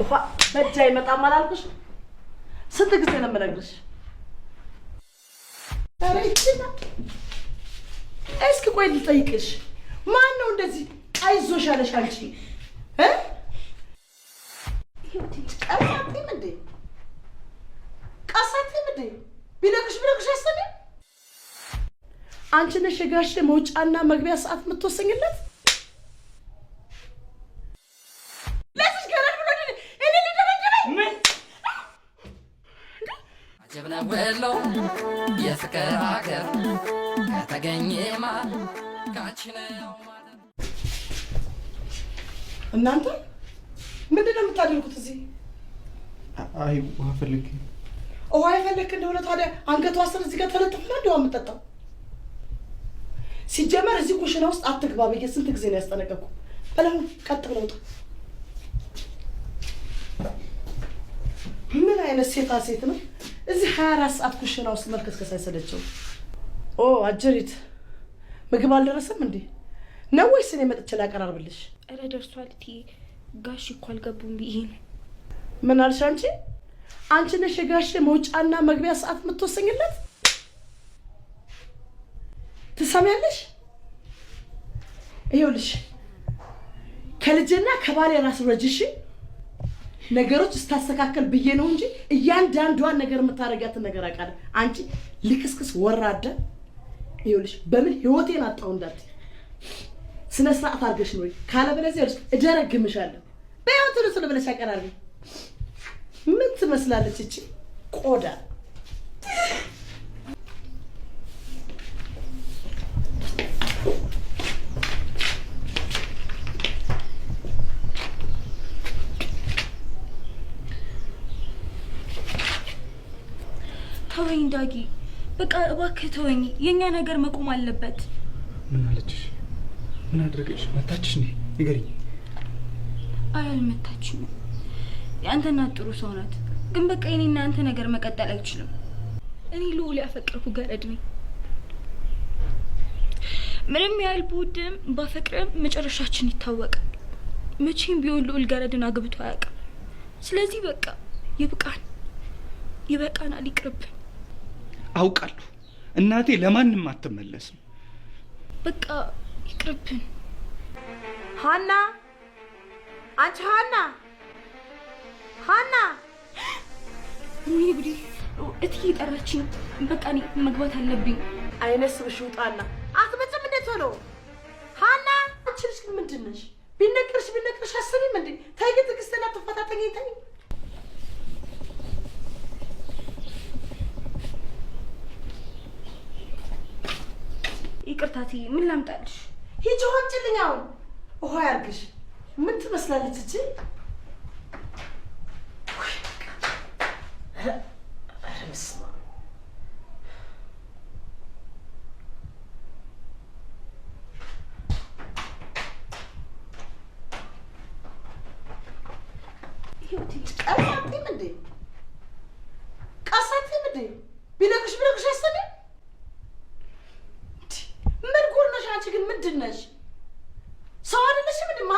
ውሃ መጃ አይመጣም አላልኩሽ? ስንት ጊዜ ነው የምነግርሽ? እስኪ ቆይ ልጠይቅሽ፣ ማን ነው እንደዚህ አይዞሽ አለሽ አንቺ? ቀሳትም እንዴ ቀሳትም እንዴ ቢነግርሽ ቢነግርሽ ያሰሚ አንቺ ነሽ የጋሽ መውጫና መግቢያ ሰዓት የምትወሰኝለት በፍቅር አክፍ ከተገኘማ ካች ነው። እናንተ ምንድን ነው የምታደርጉት እዚህ? አይ ውሃ ፈልግ። ውሃ የፈለክ እንደሆነ ታዲያ አንገቷ ስር እዚህ ጋር ተለጥፍና እንዲዋ የምጠጣው ሲጀመር እዚህ ኩሽና ውስጥ አትግባ ብዬ ስንት ጊዜ ነው ያስጠነቀቅኩ። በለሁ ቀጥ ብለው ምን አይነት ሴታ ሴት ነው እዚህ 24 ሰዓት ኩሽና ውስጥ መልከስከስ አይሰለቸው። ኦ አጀሪት ምግብ አልደረሰም እንዴ ነው ወይስ እኔ መጥቼ ላቀራርብልሽ? ኧረ ደርሷል ጋሽ እኮ አልገቡም ብዬ ነው። ምን አልሽ አንቺ? አንቺ ነሽ የጋሽ መውጫና መግቢያ ሰዓት የምትወሰኝለት። ትሰሚያለሽ? ይኸውልሽ ከልጄና ከባሌ ራስ ረጅሽ ነገሮች ስታስተካከል ብዬ ነው እንጂ እያንዳንዷን ነገር የምታደርጋትን ነገር አውቃለሁ። አንቺ ልክስክስ ወራደ ይኸውልሽ፣ በምን ህይወቴን አጣው እንዳት ስነ ስርዓት አድርገሽ ኖሪ፣ ካለበለዚያ ይኸውልሽ እደረግምሻለሁ። በህይወት ነው ስለበለሽ አቀራሪ ምን ትመስላለች እቺ ቆዳ ዳጊ በቃ እባክህ ተወኝ። የእኛ ነገር መቆም አለበት። ምን አለችሽ? ምን አድረገሽ? መታችሽ? ነ ንገሪኝ። አይ አልመታችኝም። የአንተ እናት ጥሩ ሰው ናት፣ ግን በቃ የኔ እና አንተ ነገር መቀጠል አይችልም። እኔ ልዑል ያፈቀርኩ ገረድ ነኝ። ምንም ያህል ብወድም ባፈቅርም መጨረሻችን ይታወቃል። መቼም ቢሆን ልዑል ገረድን አግብቶ አያውቅም። ስለዚህ በቃ ይብቃን፣ ይበቃናል፣ ይቅርብን። አውቃለሁ። እናቴ ለማንም አትመለስም። በቃ ይቅርብን። ሀና፣ አንቺ ሀና፣ ሀና! ውይ ጉዴ! እትዬ ጠራችኝ። በቃ እኔ መግባት አለብኝ። አይነስብሽ፣ ውጣና አትመጭም። እንዴት ሆኖ ሀና፣ አንቺ ልጅ ምንድን ነሽ? ቢነቅርሽ ቢነግርሽ አስሪም እንዴ! ተይ፣ ትዕግስትና ተፈታተኝ። ተይ ይቅርታ እትዬ፣ ምን ላምጣልሽ? ሂጂ ሆንጭልኝ። አሁን ውሃ ያርግሽ። ምን ትመስላለች እቺ? ኧረ ምስማ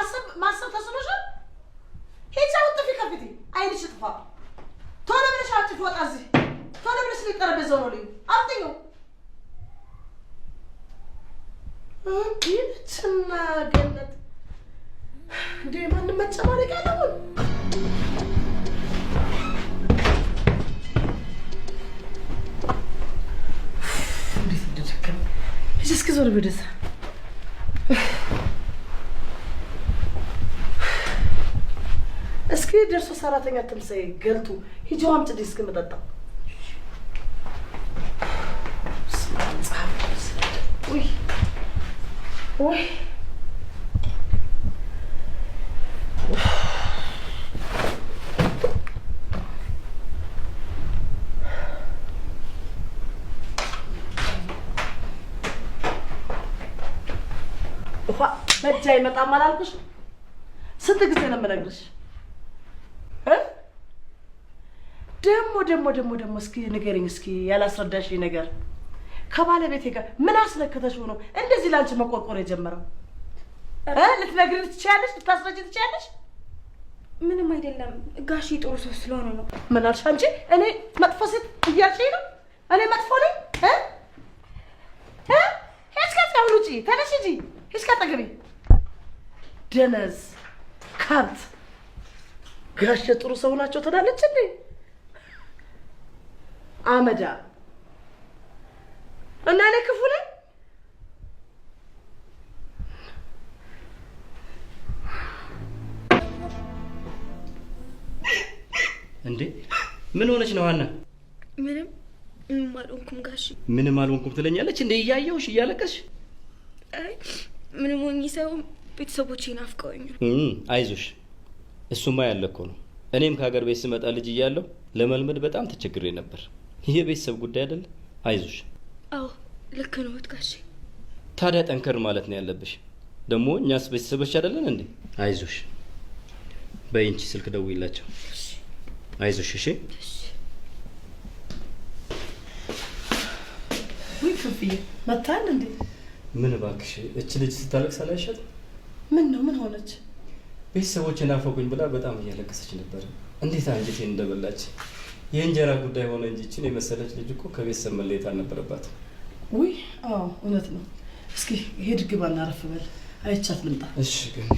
ማሰብ ማሰብ ተስኖሻል? ሂጂ አውጥፊ ከፊቴ። አይንሽ ጥፋ። ቶሎ ብለሽ አውጥፊ። ወጣ እዚህ ቶሎ ብለሽ ነው ልዩ ገነት ማንም መጨማለቅ ያለውን እንዴት እስኪ ዞር ሰራተኛ ትምሳኤ ገልቱ ሂጂ አምጪልኝ እስክመጣ ውሃ መጃ ይመጣም አላልኩሽ? ስንት ጊዜ ነው የምነግርሽ? ደግሞ ደግሞ ደግሞ ደግሞ እስኪ ንገሪኝ እስኪ ያላስረዳሽ ነገር ከባለቤቴ ጋር ምን አስለከተሽ ነው እንደዚህ ላንቺ መቆርቆር የጀመረው? ልትነግሪኝ ትችያለሽ? ልታስረጅ ትችያለሽ? ምንም አይደለም ጋሽ ጥሩ ሰው ስለሆነ ነው። ምን አልሽ አንቺ? እኔ መጥፎ ሴት እያልሽኝ ነው? እኔ መጥፎ ነኝ? ሄስከት ከሁሉ ውጪ ተነሽ እንጂ ሄስከት ጠግቢ ደነዝ ካርት ጋሽ ጥሩ ሰው ናቸው ትላለች እንዴ? አመዳ እና እኔ ክፉ ነኝ። እንዴ ምን ሆነች ነው ሀና? ምንም ምንም አልሆንኩም ጋሽ። ምንም አልሆንኩም ትለኛለች እንዴ? እያየሁሽ እያለቀሽ። አይ ምንም ሆኜ ሳይሆን ቤተሰቦቼ አይዞሽ፣ እሱማ ያለ እኮ ነው። እኔም ከሀገር ቤት ስመጣ ልጅ እያለሁ ለመልመድ በጣም ተቸግሬ ነበር። የቤተሰብ ጉዳይ አይደለ? አይዞሽ። አዎ ልክ ነው ጋሼ። ታዲያ ጠንከር ማለት ነው ያለብሽ። ደግሞ እኛስ ቤተሰቦች አይደለን እንዴ? አይዞሽ። በይንቺ ስልክ ደውይላቸው። አይዞሽ። እሺ። ውይ ክፍዬ መታል እንዴ? ምን እባክሽ፣ እች ልጅ ስታለቅስ አላይሻት? ምን ነው ምን ሆነች? ቤተሰቦች ናፈቁኝ ብላ በጣም እያለቀሰች ነበር። እንዴት አንጀቴን እንደበላች የእንጀራ ጉዳይ ሆነ እንጂ ይችን የመሰለች ልጅ እኮ ከቤተሰብ መለየት አልነበረባት። ውይ አዎ እውነት ነው። እስኪ ሄድ ግባና እናረፍ በል፣ አይቻት ልምጣ። እሺ ግን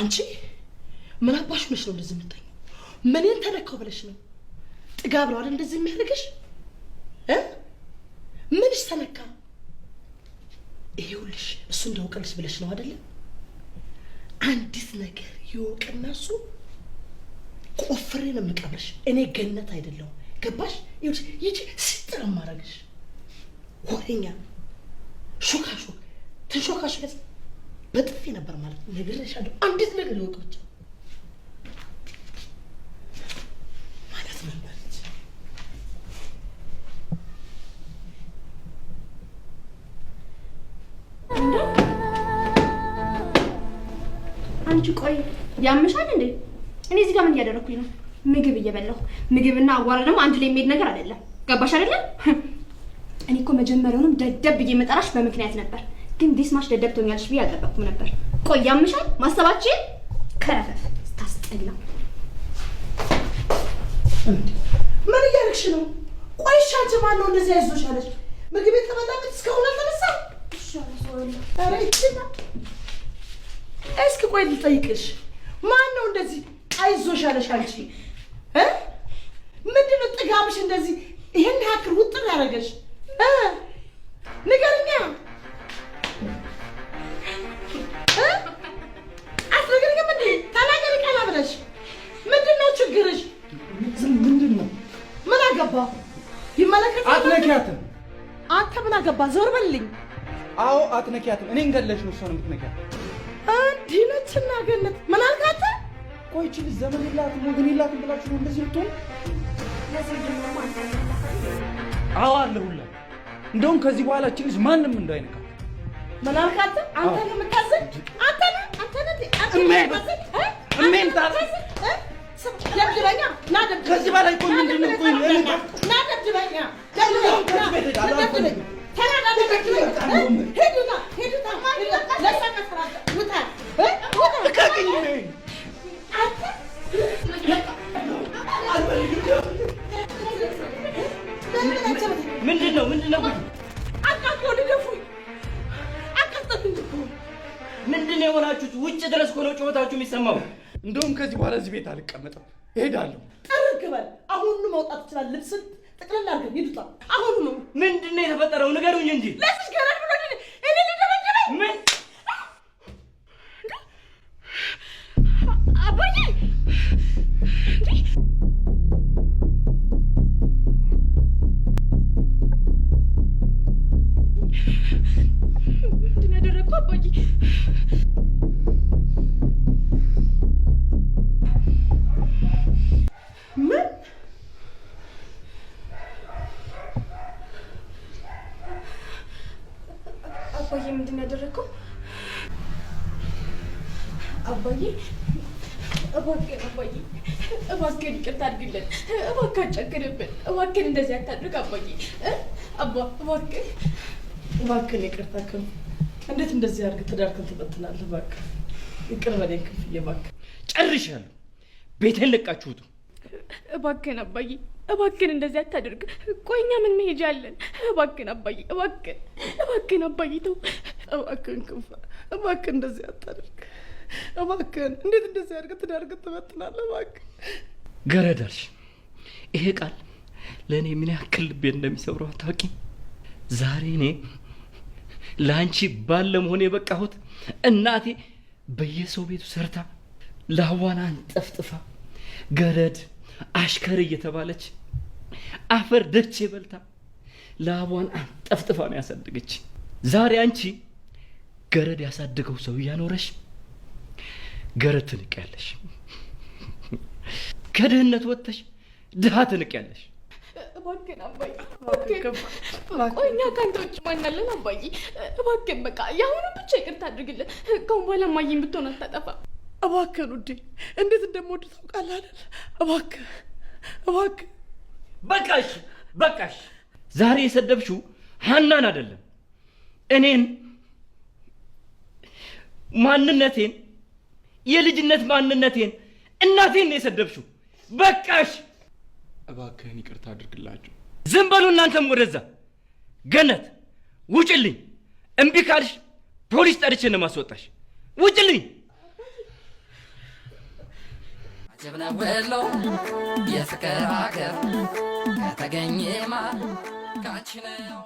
አንቺ ምን አባሽ ሆነሽ ነው እንደዚህ የምታኝ? ምንን ተለካው ብለሽ ነው? ጥጋ ብለዋል እንደዚህ የሚያደርግሽ? ምንሽ ተለካ? እሱ እንዳውቀልሽ ብለሽ ነው አይደለም? አንዲት ነገር ይወቅና እሱ ቆፍሬ ነው የምቀብርሽ። እኔ ገነት አይደለሁም። ገባሽ? ይኸውልሽ ይቺ ስትር ማረግሽ ወሬኛ ሹካሹክ ትንሾካሹ በጥፌ ነበር ማለት ነግሬሻለሁ። አንዲት ነገር ይወቅ ብቻ አንቺ ቆይ ያምሻል እንዴ? እኔ እዚህ ጋር ምን እያደረኩኝ ነው? ምግብ እየበላሁ ምግብና አዋራ ደግሞ አንድ ላይ የሚሄድ ነገር አይደለም። ገባሽ አይደለም? እኔ እኮ መጀመሪያውንም ደደብ ብዬ መጠራሽ በምክንያት ነበር፣ ግን ዲስማሽ ደደብ ትሆኛለሽ ብዬ አልጠበቅኩም ነበር። ቆይ ያምሻል? ማሰባችን ከረፈፍ ታስጠላ። ምን እያደረግሽ ነው? ቆይ እሺ፣ አንቺ ማነው እንደዚህ ያዞሻለች? ምግብ የተበላበት እስከ አልተነሳ። ተነሳ። ይችላል እስኪ ቆይ ልጠይቅሽ፣ ማን ነው እንደዚህ አይዞሽ ያለሽ አንቺ? ምንድን ነው ጥጋብሽ እንደዚህ ይህን ያክል ውጥር ያደረገሽ? ንገርኛ አትነግሪኝም እንዴ? ተናገሪ ቀና ብለሽ። ምንድን ነው ችግርሽ? ምንድን ነው ምን አገባ ይመለከታል። አትነኪያትም። አንተ ምን አገባ? ዞር በልልኝ። አዎ አትነኪያትም። እኔ እንገለሽ ነው እሷን የምትነኪያት ይችና ገነት ምን አልካተ? ቆይ ይችል ዘመን ይላት ሞገን ይላት ብላችሁ ነው እንደዚህ ልትሆን? አዎ አለሁላ። እንደውም ከዚህ በኋላ እቺ ልጅ ማንም እንዳይነካ። ምን አልካተ? አንተ ነው የምታዘኝ? አንተ ነው አንተ ነው አንተ ነው ደብድበኛ ና ከዚህ በላይ ቆይ ምንድን ነው ቆይ ና ደብድበኛ ደብድበኛ ደብድበኛ ሄዱና ሄዱና ለሰቀት ሰማው። እንደውም ከዚህ በኋላ እዚህ ቤት አልቀመጥም፣ እሄዳለሁ። ጥርግ በል አሁኑ መውጣት ይችላል። ልብስን ጥቅልል አድርገን ሂዱጣ። አሁኑ ነው። ምንድን ነው የተፈጠረው? ንገሩኝ እንጂ ለስሽ ገረድ ብሎ እኔ ሊደበደበኝ ምን አባዬ ምንድን ያደረግኩ አባዬ እባክህ አትጨክርብን። እባክህን እንደዚህ አታድርግ አባዬ። አባ እባክህ እባክህን፣ ይቅርታ ክንፍ፣ እንዴት እንደዚህ አድርግ ትዳርክን ትበትናለህ? እባክህ ይቅር በለኝ ክንፍዬ፣ እባክህ ጨርሻለሁ። ቤቴን ለቃችሁት። እባክህን አባዬ፣ እባክህን እንደዚህ አታድርግ። ቆይ እኛ ምን መሄጃ አለን? እባክህን አባዬ፣ እባክህን፣ እባክህን አባዬ፣ ተው እባክህን ክንፍ፣ እባክህን እንደዚህ አታድርግ እባክህን። እንዴት እንደዚህ አድርግ ትዳርክን ትበትናለህ? እባክህ ገረዳልሽ ይሄ ቃል ለእኔ ምን ያክል ልቤ እንደሚሰብረው ታዋቂ ዛሬ እኔ ለአንቺ ባል ለመሆን የበቃሁት እናቴ በየሰው ቤቱ ሰርታ ላዋና አንጠፍጥፋ ገረድ አሽከር እየተባለች አፈር ደቼ በልታ ላቧን አንጠፍጥፋ ነው ያሳደገች። ዛሬ አንቺ ገረድ ያሳደገው ሰው እያኖረሽ ገረድ ትንቅ ያለሽ ከድህነት ወጥተሽ ድሃ ትልቅ እባክን እባክህን አባዬ፣ እኛ ከአንተ ውጭ ማናለን? አባዬ እባክን፣ በቃ የአሁኑ ብቻ ይቅርታ አድርግልን። ከአሁን በኋላ ማየን ብትሆን አታጠፋም። እባክን ውዴ፣ እንዴት እንደምወድ ታውቃለህ አይደል? እባክ እባክህ፣ በቃሽ በቃሽ። ዛሬ የሰደብሽው ሀናን አይደለም እኔን፣ ማንነቴን፣ የልጅነት ማንነቴን፣ እናቴን ነው የሰደብሽው። በቃሽ እባክህን ይቅርታ አድርግላቸው። ዝም በሉ እናንተም ወደዛ። ገነት ውጭልኝ። እምቢ ካልሽ ፖሊስ ጠርቼ ነው ማስወጣሽ። ውጭልኝ። ጀብነው ወሎ የፍቅር አገር ከተገኘማ ካችነው